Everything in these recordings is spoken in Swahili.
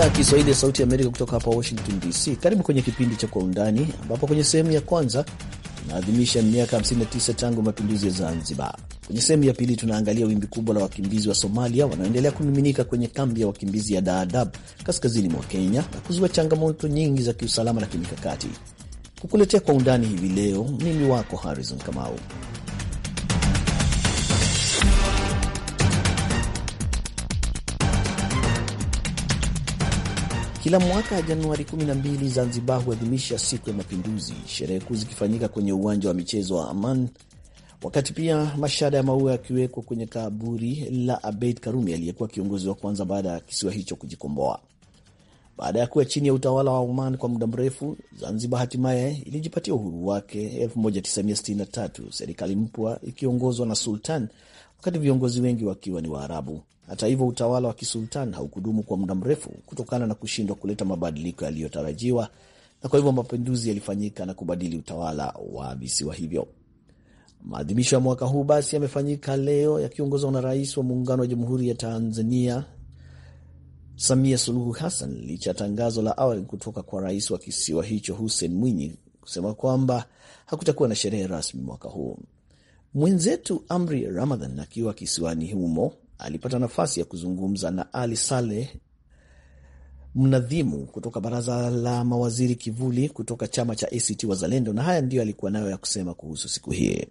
idhaa ya Kiswahili ya Sauti ya Amerika kutoka hapa Washington DC. Karibu kwenye kipindi cha Kwa Undani, ambapo kwenye sehemu ya kwanza tunaadhimisha miaka 59 tangu mapinduzi ya Zanzibar. Kwenye sehemu ya pili tunaangalia wimbi kubwa la wakimbizi wa Somalia wanaoendelea kumiminika kwenye kambi ya wakimbizi ya Dadaab kaskazini mwa Kenya na kuzua changamoto nyingi za kiusalama na kimikakati. Kukuletea Kwa Undani hivi leo, mimi wako Harrison Kamau. Kila mwaka Januari 12 Zanzibar huadhimisha siku ya mapinduzi, sherehe kuu zikifanyika kwenye uwanja wa michezo wa Aman, wakati pia mashada ya maua yakiwekwa kwenye kaburi la Abeid Karume aliyekuwa kiongozi wa kwanza baada ya kisiwa hicho kujikomboa. Baada ya kuwa chini ya utawala wa Oman kwa muda mrefu, Zanzibar hatimaye ilijipatia uhuru wake 1963, serikali mpya ikiongozwa na sultan wakati viongozi wengi wakiwa ni Waarabu. Hata hivyo, utawala wa kisultani haukudumu kwa muda mrefu kutokana na kushindwa kuleta mabadiliko yaliyotarajiwa, na kwa hivyo mapinduzi yalifanyika na kubadili utawala wa visiwa hivyo. Maadhimisho ya mwaka huu basi yamefanyika leo yakiongozwa na Rais wa Muungano wa Jamhuri ya Tanzania Samia Suluhu Hassan, licha ya tangazo la awali kutoka kwa rais wa kisiwa hicho Hussein Mwinyi kusema kwamba hakutakuwa na sherehe rasmi mwaka huu. Mwenzetu Amri Ramadhan akiwa kisiwani humo alipata nafasi ya kuzungumza na Ali Saleh mnadhimu kutoka baraza la mawaziri kivuli kutoka chama cha ACT Wazalendo, na haya ndiyo alikuwa nayo ya kusema kuhusu siku hii.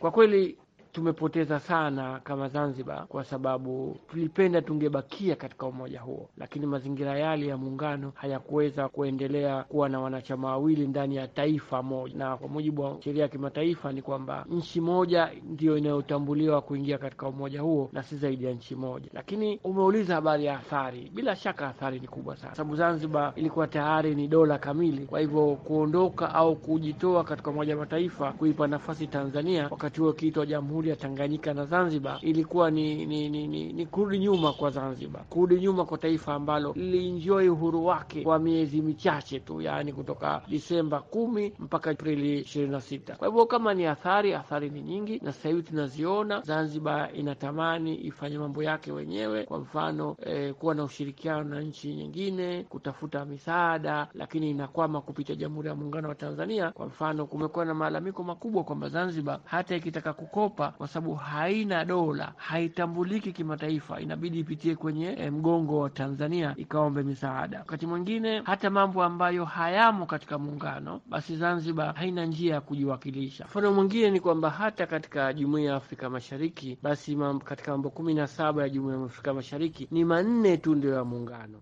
Kwa kweli tumepoteza sana kama Zanzibar, kwa sababu tulipenda tungebakia katika umoja huo, lakini mazingira yale ya muungano hayakuweza kuendelea kuwa na wanachama wawili ndani ya taifa moja, na kwa mujibu wa sheria ya kimataifa ni kwamba nchi moja ndiyo inayotambuliwa kuingia katika umoja huo na si zaidi ya nchi moja. Lakini umeuliza habari ya athari, bila shaka athari ni kubwa sana, sababu Zanzibar ilikuwa tayari ni dola kamili. Kwa hivyo kuondoka au kujitoa katika umoja wa mataifa kuipa nafasi Tanzania wakati huo kiitwa jamhuri Jamhuri ya Tanganyika na Zanzibar ilikuwa ni, ni, ni, ni, ni kurudi nyuma kwa Zanzibar, kurudi nyuma kwa taifa ambalo lilienjoy uhuru wake kwa miezi michache tu, yaani kutoka Disemba kumi mpaka Aprili ishirini na sita. Kwa hivyo kama ni athari, athari ni nyingi, na sasa hivi tunaziona. Zanzibar inatamani ifanye mambo yake wenyewe, kwa mfano eh, kuwa na ushirikiano na nchi nyingine, kutafuta misaada, lakini inakwama kupitia Jamhuri ya Muungano wa Tanzania. Kwa mfano, kumekuwa na malalamiko makubwa kwamba Zanzibar hata ikitaka kukopa kwa sababu haina dola, haitambuliki kimataifa, inabidi ipitie kwenye e, mgongo wa Tanzania ikaombe misaada. Wakati mwingine hata mambo ambayo hayamo katika muungano, basi Zanzibar haina njia ya kujiwakilisha. Mfano mwingine ni kwamba hata katika jumuiya ya Afrika Mashariki, basi katika mambo kumi na saba ya jumuiya ya Afrika Mashariki ni manne tu ndio ya muungano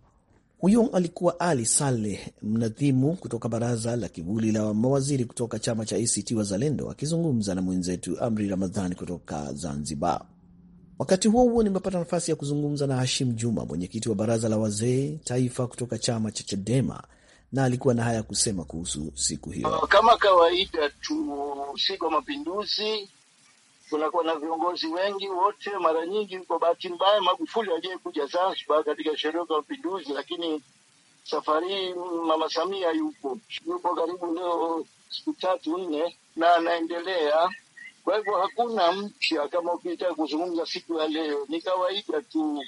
huyo alikuwa Ali Saleh, mnadhimu kutoka baraza la kivuli la mawaziri kutoka chama cha ACT Wazalendo, akizungumza na mwenzetu Amri Ramadhani kutoka Zanzibar. Wakati huo huo, nimepata nafasi ya kuzungumza na Hashim Juma, mwenyekiti wa baraza la wazee taifa kutoka chama cha Chadema, na alikuwa na haya kusema kuhusu siku hiyo. Kama kawaida tu, siku ya mapinduzi tunakuwa na viongozi wengi wote. Mara nyingi kwa bahati mbaya, Magufuli hajai kuja Zanzibar katika sherehe za mapinduzi, lakini safari hii mama Samia yupo yupo karibu leo siku tatu nne, na anaendelea. Kwa hivyo hakuna mpya kama ukitaka kuzungumza siku ya leo, ni kawaida tu,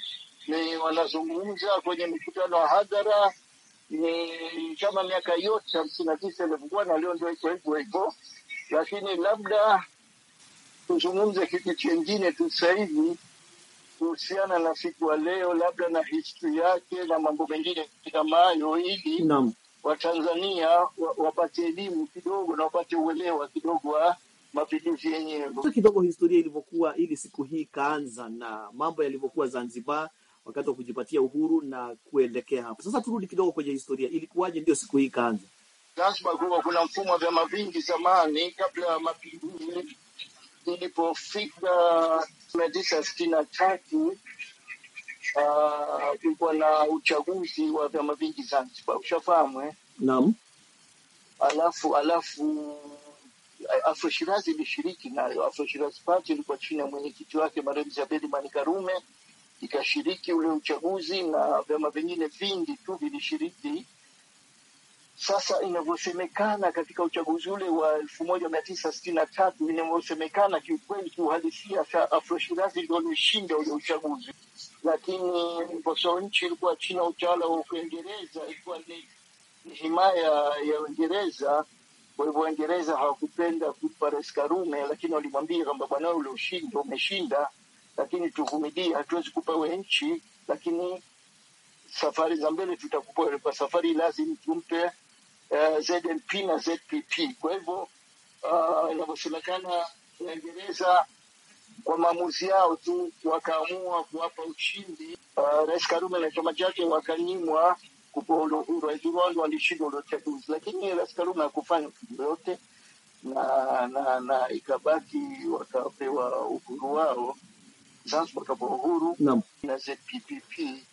ni wanazungumza kwenye mikutano ya hadhara ni kama miaka yote hamsini na tisa ilivyokuwa na leo ndio iko hivyo hivyo, lakini labda tuzungumze kitu chengine tu sasa kuhusiana na siku ya leo, labda na historia yake na mambo mengine kama hayo, ili Watanzania wapate elimu kidogo na wapate uelewa kidogo wa mapinduzi yenyewe, kidogo historia ilivyokuwa, ili siku hii ikaanza na mambo yalivyokuwa Zanzibar wakati wa kujipatia uhuru na kuelekea hapo. Sasa turudi kidogo kwenye historia, ilikuwaje ndio siku hii ikaanza? Lazima kuwa kuna mfumo wa vyama vingi zamani kabla ya mapinduzi Ilipofika mia tisa sitini na tatu uh, kulikuwa na uchaguzi wa vyama vingi Zanzibar, ushafahamu eh? Naam. Alafu alafu uh, Afro Shirazi ilishiriki nayo. Afro Shirazi Party ilikuwa chini ya mwenyekiti wake marehemu Zebedi Mani Karume, ikashiriki ule uchaguzi na vyama vingine vingi tu vilishiriki sasa inavyosemekana katika uchaguzi ule wa elfu moja mia tisa sitini na tatu inavyosemekana kiukweli, kiuhalisia Afro Shirazi ndo alishinda ule uchaguzi, lakini mposo nchi ilikuwa chini ya utawala wa Uingereza, ilikuwa ni himaya ya Uingereza. Kwa hivyo Waingereza hawakupenda kupa Rais Karume, lakini walimwambia kwamba bwana, ule ushindi umeshinda, lakini tuvumilie, hatuwezi kupewa nchi, lakini safari za mbele tutakupa. Kwa safari lazima tumpe Eh, zp na ZPP. Kwa hivyo uh, ah, inavyosemekana Waingereza kwa maamuzi yao tu wakaamua kuwapa ushindi uh, Rais Karume na chama chake wakanyimwa kupewa uhuru. Rwanda ule uchaguzi, lakini Rais Karume hakufanya kitu yote na, na, na ikabaki wakapewa uhuru wao. Zanzibar kapewa uhuru na ZPPP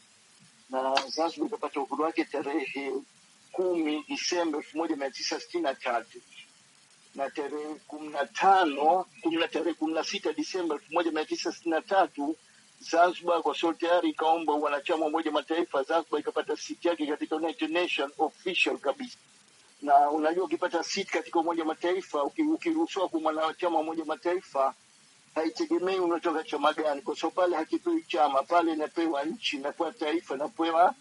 na Zanzibar ikapata uhuru wake tarehe kumi Disemba elfu moja mia tisa sitini na tatu na tarehe kumi na tano kumi na tarehe kumi na sita Disemba elfu moja mia tisa sitini na tatu Zanzibar kwa sio tayari ikaomba wanachama wa Umoja Mataifa. Zanzibar ikapata siti yake katika United Nations official kabisa. Na unajua ukipata siti katika Umoja Mataifa, ukiruhusiwa kwa mwanachama wa Umoja Mataifa, haitegemei unatoka chama gani, kwa sababu pale hakipewi chama, pale inapewa nchi, inapewa taifa, inapewa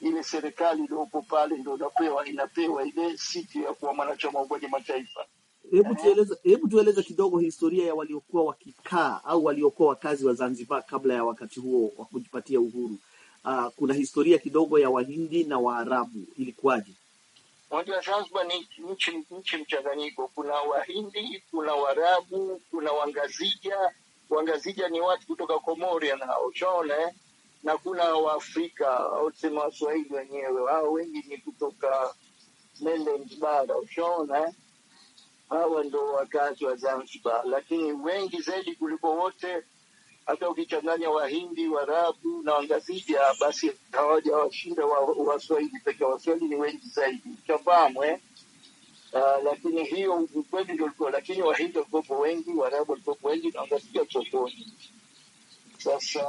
ile serikali iliyopo pale ndio inapewa inapewa ile siti ya kuwa mwanachama wa Umoja Mataifa. Hebu tueleze, hebu tueleze kidogo historia ya waliokuwa wakikaa au waliokuwa wakazi wa Zanzibar kabla ya wakati huo wa kujipatia uhuru. Uh, kuna historia kidogo ya Wahindi na Waarabu ilikuwaje? Unajua, Zanzibar ni nchi nchi mchanganyiko, kuna Wahindi, kuna Waarabu, kuna Wangazija. Wangazija ni watu kutoka Komorian hao, shaona na kuna Waafrika au Waswahili wenyewe, hao wengi ni kutoka mainland bara, ushaona eh? Hawa ndo wakazi wa Zanzibar, lakini wengi zaidi kuliko wote, hata ukichanganya Wahindi, warabu na Wangazija, basi hawajawashinda Waswahili wa pekee. Waswahili ni wengi zaidi Chambamwe eh? Uh, lakini hiyo ukweli ndio ulikuwa, lakini Wahindi walikuwepo wengi, Warabu walikuwepo wengi na Wangazija sokoni sasa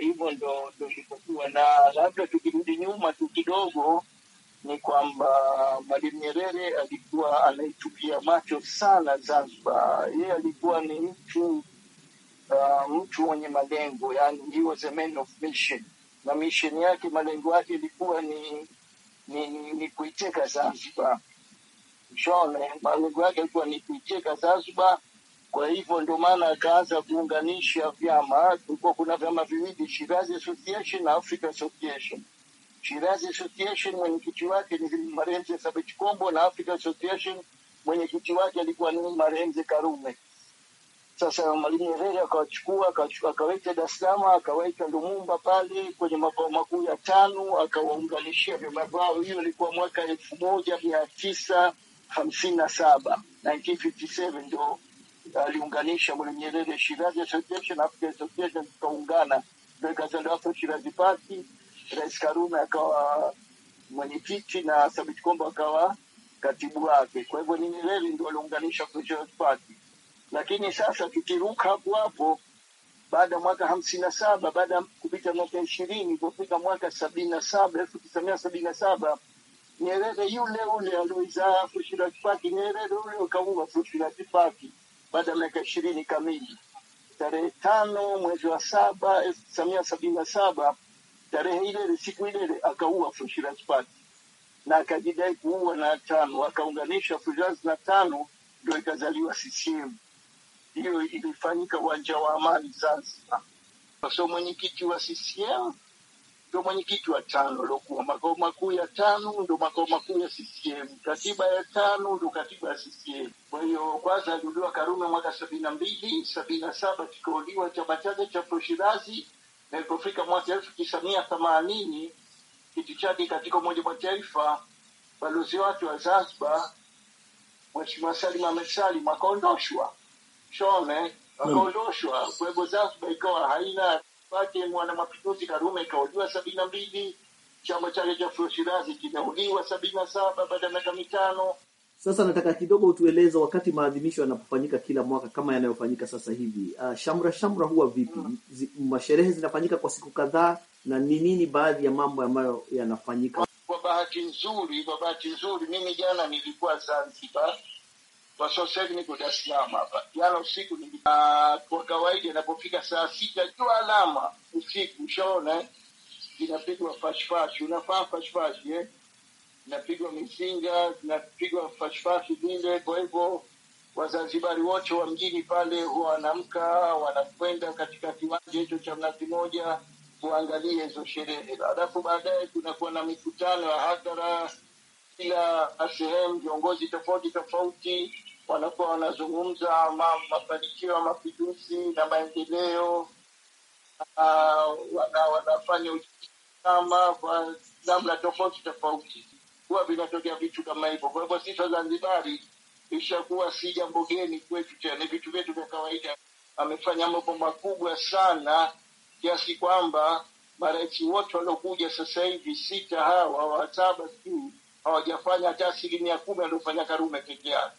hivyo ndo ilivyokuwa, na labda tukirudi nyuma tu kidogo, ni kwamba Mwalimu Nyerere alikuwa anaitupia macho sana Zanzibar. Yeye alikuwa ni mtu uh, mtu mwenye malengo, yani he was a man of mission, na mission yake, malengo yake ilikuwa ni ni, ni, ni kuiteka Zanzibar shone, eh? malengo yake alikuwa ni kuiteka Zanzibar kwa hivyo ndio maana akaanza kuunganisha vyama. Kulikuwa kuna vyama viwili, Shirazi Association na Africa Association. Shirazi Association mwenyekiti wake ni marehemu Thabit Kombo na Africa Association mwenyekiti wake alikuwa ni marehemu Karume. Sasa Mwalimu Nyerere akawachukua akaweka Dar es Salaam, akaweka Lumumba pale kwenye makao makuu ya tano, akawaunganishia vyama vyao. Hiyo ilikuwa mwaka elfu moja mia tisa hamsini na saba 1957 ndio aliunganisha Mwalimu Nyerere Shirazi Association, African Association tukaungana, ndio ikazaliwa Shirazi Party. Rais Karume akawa mwenyekiti na Sabiti Kombo akawa katibu wake. Kwa hivyo ni Nyerere ndio aliunganisha Shirazi Party, lakini sasa tukiruka hapo hapo baada ya mwaka hamsini na saba baada ya kupita miaka ishirini kufika mwaka sabini na saba elfu tisa mia sabini na saba Nyerere yule ule alioizaa Afro Shirazi Party, Nyerere ule ukaua Afro Shirazi Party baada ya miaka ishirini kamili. Tarehe tano mwezi wa saba elfu tisa mia sabini na saba tarehe ile ile siku ile ile akaua Fushirasi Pati na akajidai kuua na tano akaunganisha Fushirasi na tano ndio ikazaliwa CCM. Hiyo ilifanyika uwanja wa Amani Zanzibar. sababu mwenyekiti wa CCM ndo mwenyekiti wa tano aliokuwa makao makuu ya tano ndo makao makuu ya CCM, katiba ya tano ndo katiba ya CCM. Kwa hiyo kwanza aliuliwa Karume mwaka sabini na mbili sabini na saba kikaoliwa chama chake cha Proshirazi, na ilipofika mwaka elfu tisa mia themanini kitu chake katika Umoja wa Mataifa balozi wake wa Zanzibar Mheshimiwa Salim Ahmed Salim akaondoshwa shone akaondoshwa. Kwa hivyo Zanzibar ikawa haina wake mapinduzi Karume ikahojiwa sabini na mbili chama chake cha Shirazi kimehojiwa sabini na saba baada ya miaka mitano. Sasa nataka kidogo utueleze, wakati maadhimisho yanapofanyika kila mwaka kama yanayofanyika sasa hivi, uh, shamra shamra huwa vipi? Mm. Zi, masherehe zinafanyika kwa siku kadhaa, na ni nini baadhi ya mambo ambayo yanafanyika? Kwa bahati nzuri, kwa bahati nzuri mimi jana nilikuwa Zanzibar kwa sasa hivi niko Dar es Salaam hapa. Jana usiku ni kwa kawaida, inapofika saa sita jua alama usiku, ushaona eh? inapigwa fashfashi, unafaa fashfashi eh? inapigwa mizinga, inapigwa fashfashi vile. Kwa hivyo Wazanzibari wote wa mjini pale huwa wanamka wanakwenda katika kiwanja hicho cha Mnazi Moja kuangalia hizo sherehe, alafu baadaye kunakuwa na mikutano ya hadhara kila sehemu, viongozi tofauti tofauti wanakuwa wanazungumza mafanikio ya mapinduzi na maendeleo, wanafanya ama kwa namna tofauti tofauti, huwa vinatokea vitu kama hivyo. Kwa hivyo sifa Zanzibari ishakuwa si jambo geni kwetu tena, ni vitu vyetu vya kawaida. Amefanya mambo makubwa sana kiasi kwamba marais wote waliokuja sasa hivi sita hawa wa saba sijui hawajafanya hata asilimia kumi aliofanya Karume peke yake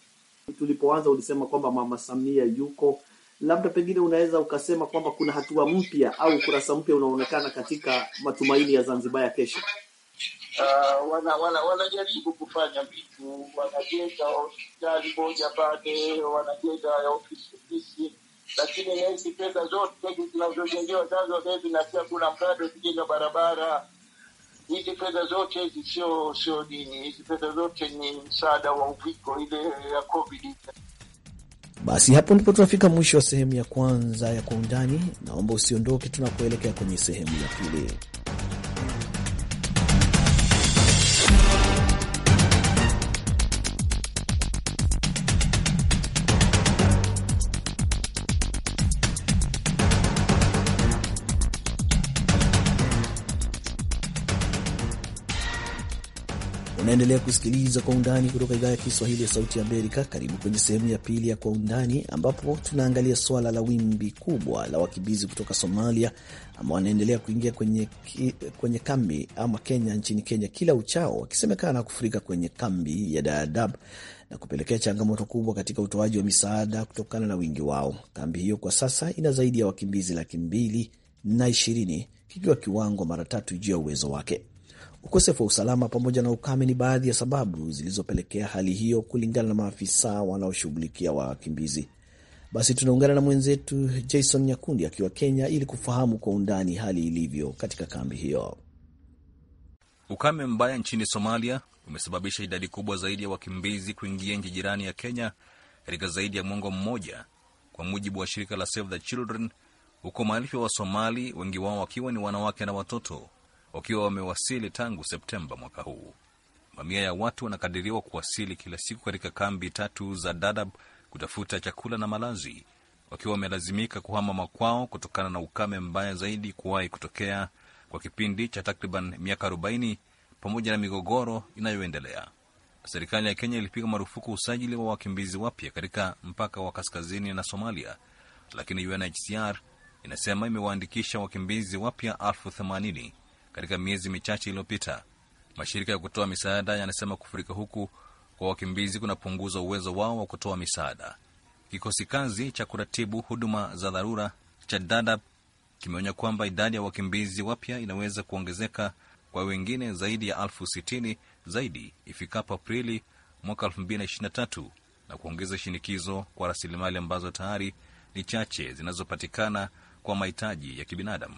tulipoanza ulisema kwamba Mama Samia yuko labda pengine unaweza ukasema kwamba kuna hatua mpya au ukurasa mpya unaonekana katika matumaini ya Zanzibar ya kesho. Uh, wana wana wanajaribu kufanya vitu, wanajenga hospitali moja pale, wanajenga ofisi ofisi, lakini hizi pesa zote zinazojengewa nazo hivi, pia kuna mradi wa kujenga barabara hizi fedha zote hizi sio sio dini, hizi fedha zote ni msaada wa uviko ile ya COVID. Basi hapo ndipo tunafika mwisho wa sehemu ya kwanza ya Kwa Undani. Naomba usiondoke, tunakoelekea kwenye sehemu ya pili. Unaendelea kusikiliza Kwa Undani kutoka idhaa ya Kiswahili ya Sauti ya Amerika. Karibu kwenye sehemu ya pili ya Kwa Undani, ambapo tunaangalia suala la wimbi kubwa la wakimbizi kutoka Somalia ambao wanaendelea kuingia kwenye, kwenye kambi ama Kenya, nchini Kenya kila uchao, wakisemekana kufurika kwenye kambi ya Dadaab na kupelekea changamoto kubwa katika utoaji wa misaada kutokana na wingi wao. Kambi hiyo kwa sasa ina zaidi ya wakimbizi laki mbili na ishirini, kikiwa kiwango mara tatu juu ya uwezo wake. Ukosefu wa usalama pamoja na ukame ni baadhi ya sababu zilizopelekea hali hiyo, kulingana na maafisa wanaoshughulikia wakimbizi. Basi tunaungana na mwenzetu Jason Nyakundi akiwa Kenya ili kufahamu kwa undani hali ilivyo katika kambi hiyo. Ukame mbaya nchini Somalia umesababisha idadi kubwa zaidi ya wakimbizi kuingia nchi jirani ya Kenya katika zaidi ya mwongo mmoja, kwa mujibu wa shirika la Save the Children, huko maelfu ya Wasomali, wengi wao wakiwa ni wanawake na watoto wakiwa wamewasili tangu Septemba mwaka huu. Mamia ya watu wanakadiriwa kuwasili kila siku katika kambi tatu za Dadaab kutafuta chakula na malazi, wakiwa wamelazimika kuhama makwao kutokana na ukame mbaya zaidi kuwahi kutokea kwa kipindi cha takriban miaka 40 pamoja na migogoro inayoendelea. Serikali ya Kenya ilipiga marufuku usajili wa wakimbizi wapya katika mpaka wa kaskazini na Somalia, lakini UNHCR inasema imewaandikisha wakimbizi wapya elfu themanini katika miezi michache iliyopita. Mashirika ya kutoa misaada yanasema kufurika huku kwa wakimbizi kunapunguza uwezo wao wa kutoa misaada. Kikosi kazi cha kuratibu huduma za dharura cha DADAB kimeonya kwamba idadi ya wakimbizi wapya inaweza kuongezeka kwa wengine zaidi ya elfu sitini zaidi ifikapo Aprili mwaka 2023 na kuongeza shinikizo kwa rasilimali ambazo tayari ni chache zinazopatikana kwa mahitaji ya kibinadamu.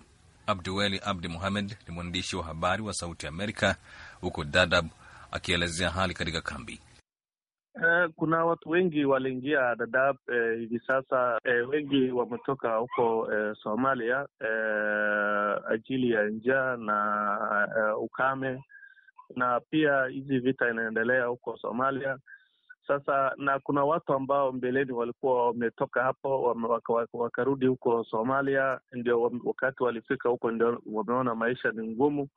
Abduweli Abdi Muhamed ni mwandishi wa habari wa Sauti Amerika huko Dadab, akielezea hali katika kambi. Uh, kuna watu wengi waliingia dadab uh, eh, hivi sasa uh, wengi wametoka huko uh, Somalia uh, ajili ya njaa na uh, ukame na pia hizi vita inaendelea huko Somalia sasa na kuna watu ambao mbeleni walikuwa wametoka hapo waka, waka, wakarudi huko Somalia, ndio wakati walifika huko ndio wameona maisha ni ngumu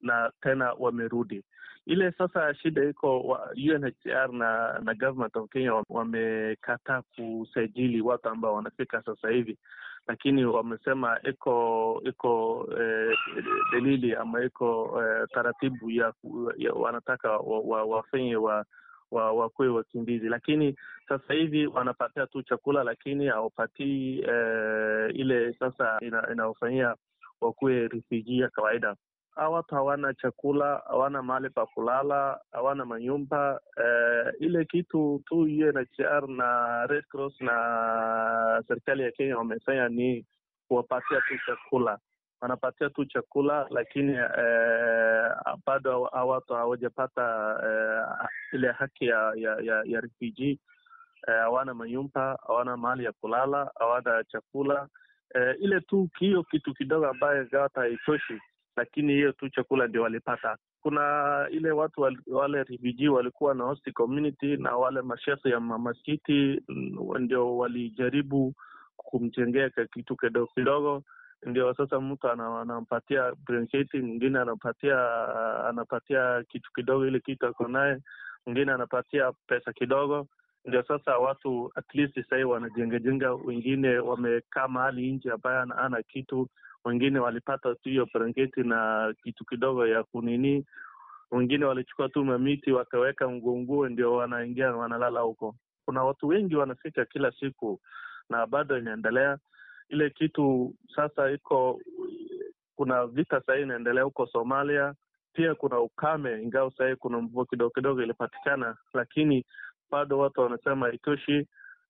na tena wamerudi. Ile sasa shida iko UNHCR na, na government of Kenya wamekataa kusajili watu ambao wanafika sasa hivi, lakini wamesema iko iko eh, delili ama iko eh, taratibu ya, ya wanataka wafanye wa, wa, wa wakuwe wakimbizi, lakini sasa hivi wanapatia tu chakula, lakini hawapatii eh, ile sasa inayofanyia wakuwe refugee ya kawaida. Hawa watu hawana chakula, hawana mahali pa kulala, hawana manyumba eh, ile kitu tu UNHCR na Red Cross na serikali ya Kenya wamefanya ni kuwapatia tu chakula wanapatia tu chakula, lakini eh, bado watu hawajapata eh, ile haki ya, ya, ya, ya rfg eh, hawana eh, manyumba, hawana mahali ya kulala, hawana chakula eh, ile tu hiyo kitu kidogo ambayo ingawa haitoshi, lakini hiyo tu chakula ndio walipata. Kuna ile watu wale rfg walikuwa na host community na wale mashefu ya mamaskiti mm, ndio walijaribu kumjengea kitu kidogo kidogo ndio sasa mtu anampatia brenketi, mwingine anapatia anapatia kitu kidogo, ile kitu ako naye, mwingine anapatia pesa kidogo. Ndio sasa watu at least sahii wanajengajenga, wengine wamekaa mahali nje ambaye ana kitu, wengine walipata tu hiyo brenketi na kitu kidogo ya kunini, wengine walichukua tu mamiti wakaweka nguonguo, ndio wanaingia wanalala huko. Kuna watu wengi wanafika kila siku na bado inaendelea ile kitu sasa iko, kuna vita sahii inaendelea huko Somalia, pia kuna ukame, ingawa sahii kuna mvua kidogo kidogo ilipatikana, lakini bado watu wanasema itoshi.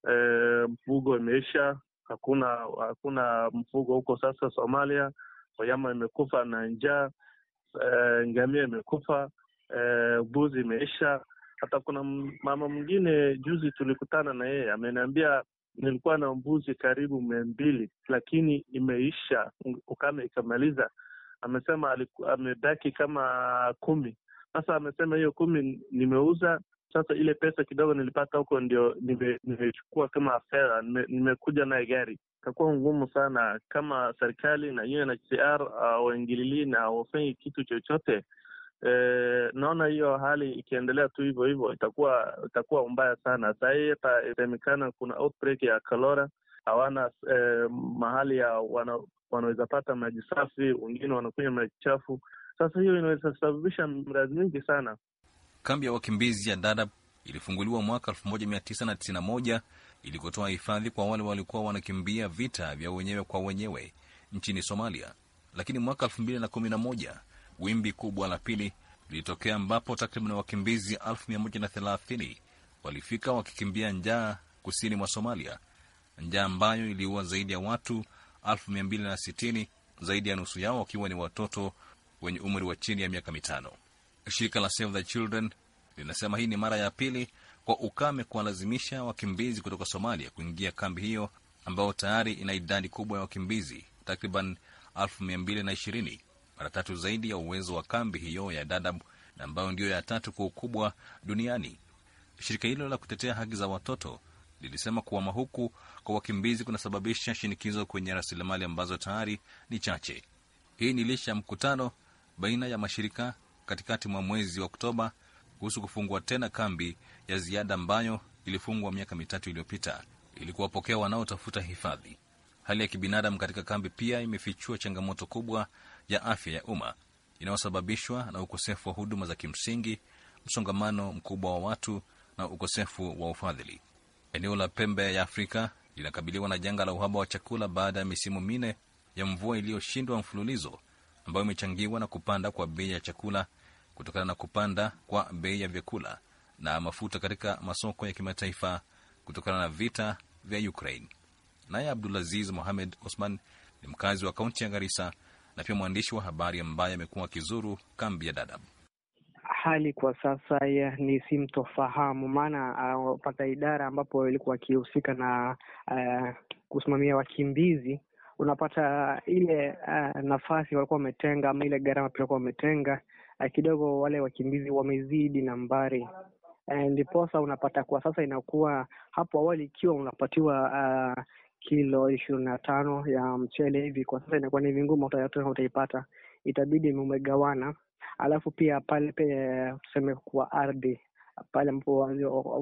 E, eh, mfugo imeisha, hakuna hakuna mfugo huko sasa Somalia, wanyama imekufa na njaa, e, ngamia imekufa, e, eh, buzi imeisha. Hata kuna mama mwingine juzi tulikutana na yeye ameniambia nilikuwa na mbuzi karibu mia mbili lakini imeisha, ukame ikamaliza. Amesema aliku, amebaki kama kumi. Sasa amesema hiyo kumi nimeuza. Sasa ile pesa kidogo nilipata huko ndio nimechukua nime kama fedha, nimekuja nime naye gari. Itakuwa ngumu sana kama serikali na UNHCR hawaingililii uh, na awafanyi kitu chochote E, naona hiyo hali ikiendelea tu hivyo hivyo itakuwa itakuwa mbaya sana. Saa hii kuna outbreak ya kalora, hawana e, mahali ya wana, wanaweza pata maji safi, wengine wanakunywa maji chafu. Sasa hiyo inaweza sababisha mradhi mingi sana. Kambi ya wakimbizi ya Dadaab ilifunguliwa mwaka 1991 ili hifadhi kwa wale walikuwa wanakimbia vita vya wenyewe kwa wenyewe nchini Somalia, lakini mwaka Wimbi kubwa la pili lilitokea ambapo takriban wakimbizi 130 walifika wakikimbia njaa kusini mwa Somalia, njaa ambayo iliua zaidi ya watu 260, zaidi ya nusu yao wakiwa ni watoto wenye umri wa chini ya miaka mitano. Shirika la Save the Children linasema hii ni mara ya pili kwa ukame kuwalazimisha wakimbizi kutoka Somalia kuingia kambi hiyo ambayo tayari ina idadi kubwa ya wakimbizi takriban 220,000 mara tatu zaidi ya uwezo wa kambi hiyo ya Dadaab na ambayo ndiyo ya tatu kwa ukubwa duniani. Shirika hilo la kutetea haki za watoto lilisema kuhama huku kwa wakimbizi kunasababisha shinikizo kwenye rasilimali ambazo tayari ni chache. Hii ni licha ya mkutano baina ya mashirika katikati mwa mwezi wa Oktoba kuhusu kufungua tena kambi ya ziada ambayo ilifungwa miaka mitatu iliyopita ili kuwapokea wanaotafuta hifadhi. Hali ya kibinadamu katika kambi pia imefichua changamoto kubwa ya afya ya umma inayosababishwa na ukosefu wa huduma za kimsingi, msongamano mkubwa wa watu na ukosefu wa ufadhili. Eneo la pembe ya Afrika linakabiliwa na janga la uhaba wa chakula baada ya misimu minne ya mvua iliyoshindwa mfululizo ambayo imechangiwa na kupanda kwa bei ya chakula kutokana na kupanda kwa bei ya vyakula na mafuta katika masoko ya kimataifa kutokana na vita vya Ukraine. Naye Abdulaziz Mohamed Osman ni mkazi wa kaunti ya Garissa na pia mwandishi wa habari ambaye amekuwa akizuru kambi ya Dadaab. Hali kwa sasa ni simtofahamu, maana uh, pata idara ambapo ilikuwa akihusika na uh, kusimamia wakimbizi unapata ile uh, nafasi walikuwa wametenga ama ile gharama pia walikuwa wametenga uh, kidogo wale wakimbizi wamezidi nambari eh, ndiposa unapata kwa sasa inakuwa hapo awali, ikiwa unapatiwa uh, kilo ishirini na tano ya mchele hivi, kwa sasa inakuwa ni vingumu utaipata, itabidi umegawana. Alafu pia pale pe, tuseme kwa ardhi pale ambapo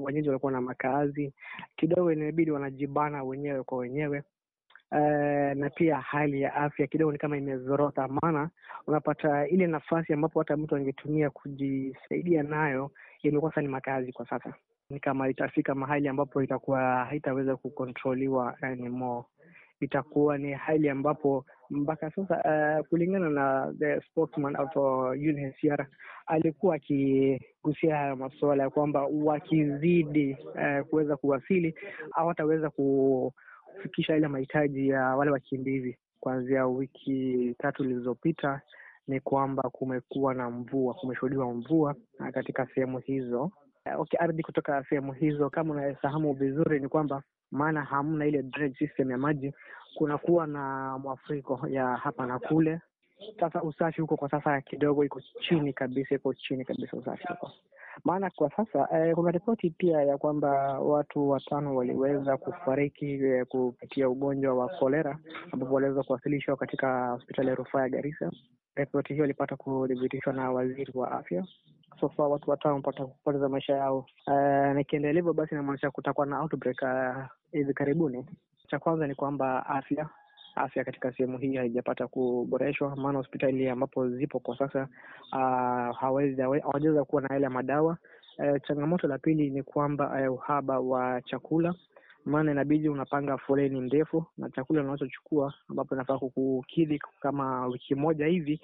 wenyeji walikuwa na makazi kidogo, inabidi wanajibana wenyewe kwa wenyewe. Uh, na pia hali ya afya kidogo ni kama imezorota, maana unapata ile nafasi ambapo hata mtu angetumia kujisaidia nayo imekuwa sasa ni makazi kwa sasa kama itafika mahali ambapo itakuwa haitaweza kukontroliwa anymore. Itakuwa ni hali ambapo mpaka sasa uh, kulingana na the spokesman of UNHCR alikuwa akigusia haya masuala ya kwamba wakizidi uh, kuweza kuwasili hawataweza kufikisha ile mahitaji ya wale wakimbizi. Kuanzia wiki tatu zilizopita, ni kwamba kumekuwa na mvua, kumeshuhudiwa mvua katika sehemu hizo Eh, ardhi kutoka sehemu hizo. Kama unayefahamu vizuri, ni kwamba maana hamna ile system ya maji, kunakuwa na mwafuriko ya hapa na kule. Sasa usafi huko kwa sasa kidogo iko chini kabisa, iko chini kabisa usafi huko, maana kwa sasa eh, kuna ripoti pia ya kwamba watu watano waliweza kufariki eh, kupitia ugonjwa wa kolera ambapo waliweza kuwasilishwa katika hospitali ya rufaa ya Garissa. Ripoti hiyo ilipata kudhibitishwa na waziri wa afya sofa watu watano kupoteza maisha yao. Uh, nikiendelea hivyo basi inamaanisha kutakuwa na outbreak eh, hivi uh, karibuni. Cha kwanza ni kwamba afya afya katika sehemu hii haijapata kuboreshwa, maana hospitali ambapo zipo kwa sasa uh, hawajaweza kuwa na yale madawa. Uh, changamoto la pili ni kwamba uh, uhaba wa chakula maana inabidi unapanga foleni ndefu na chakula unachochukua ambapo inafaa kukukidhi kama wiki moja hivi,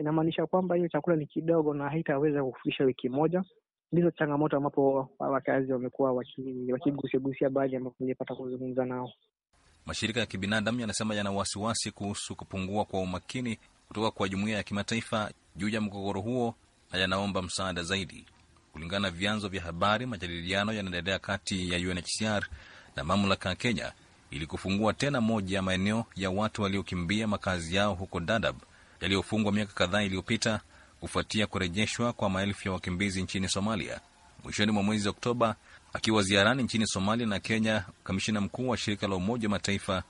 inamaanisha kwamba hiyo chakula ni kidogo na haitaweza kufikisha wiki moja. Ndizo changamoto ambapo wakazi wamekuwa wakigusiagusia baadhi, ambapo nilipata kuzungumza nao. Mashirika ya kibinadamu yanasema yana wasiwasi kuhusu kupungua kwa umakini kutoka kwa jumuia ya kimataifa juu ya mgogoro huo na yanaomba msaada zaidi. Kulingana na vyanzo vya habari, majadiliano yanaendelea kati ya UNHCR na mamlaka ya Kenya ili kufungua tena moja ya maeneo ya watu waliokimbia makazi yao huko Dadaab yaliyofungwa miaka kadhaa iliyopita kufuatia kurejeshwa kwa maelfu ya wakimbizi nchini Somalia. Mwishoni mwa mwezi Oktoba, akiwa ziarani nchini Somalia na Kenya, kamishina mkuu wa shirika la Umoja wa Mataifa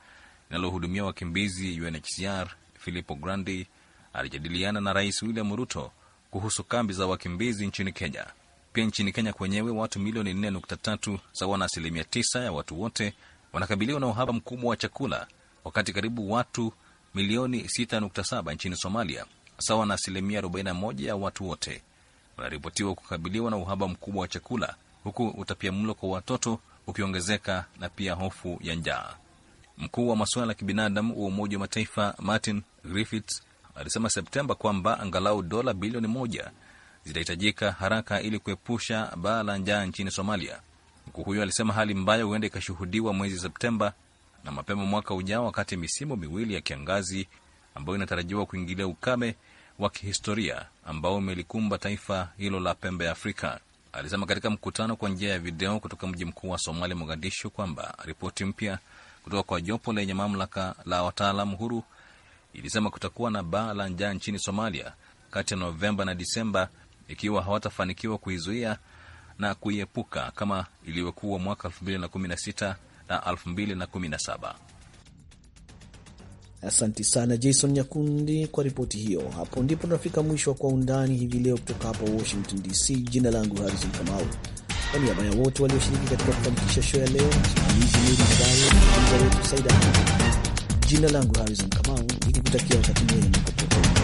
linalohudumia wakimbizi UNHCR Filippo Grandi alijadiliana na Rais William Ruto kuhusu kambi za wakimbizi nchini Kenya. Pia nchini Kenya kwenyewe watu milioni 4.3 sawa na asilimia 9 ya watu wote wanakabiliwa na uhaba mkubwa wa chakula, wakati karibu watu milioni 6.7 nchini Somalia sawa na asilimia 41 ya watu wote wanaripotiwa kukabiliwa na uhaba mkubwa wa chakula, huku utapia mlo kwa watoto ukiongezeka na pia hofu ya njaa. Mkuu wa masuala ya kibinadamu wa Umoja wa Mataifa Martin Griffiths alisema Septemba kwamba angalau dola bilioni moja zitahitajika haraka ili kuepusha baa la njaa nchini Somalia. Mkuu huyo alisema hali mbaya huenda ikashuhudiwa mwezi Septemba na mapema mwaka ujao, wakati misimu miwili ya kiangazi ambayo inatarajiwa kuingilia ukame wa kihistoria ambao umelikumba taifa hilo la pembe ya Afrika. Alisema katika mkutano kwa njia ya video kutoka mji mkuu wa Somalia, Mogadishu, kwamba ripoti mpya kutoka kwa jopo lenye mamlaka la wataalam huru ilisema kutakuwa na baa la njaa nchini Somalia kati ya Novemba na Disemba ikiwa hawatafanikiwa kuizuia na kuiepuka kama ilivyokuwa mwaka 2016 na 2017. Asanti sana Jason Nyakundi kwa ripoti hiyo. Hapo ndipo tunafika mwisho wa Kwa Undani hivi leo kutoka hapa Washington DC. Jina langu Harrison Kamau, kwa niaba ya wote walioshiriki katika kufanikisha show ya leo, msimamizi Meri Mgawe, wetu Saida. Jina langu Harrison Kamau, nikikutakia wakati mwema popote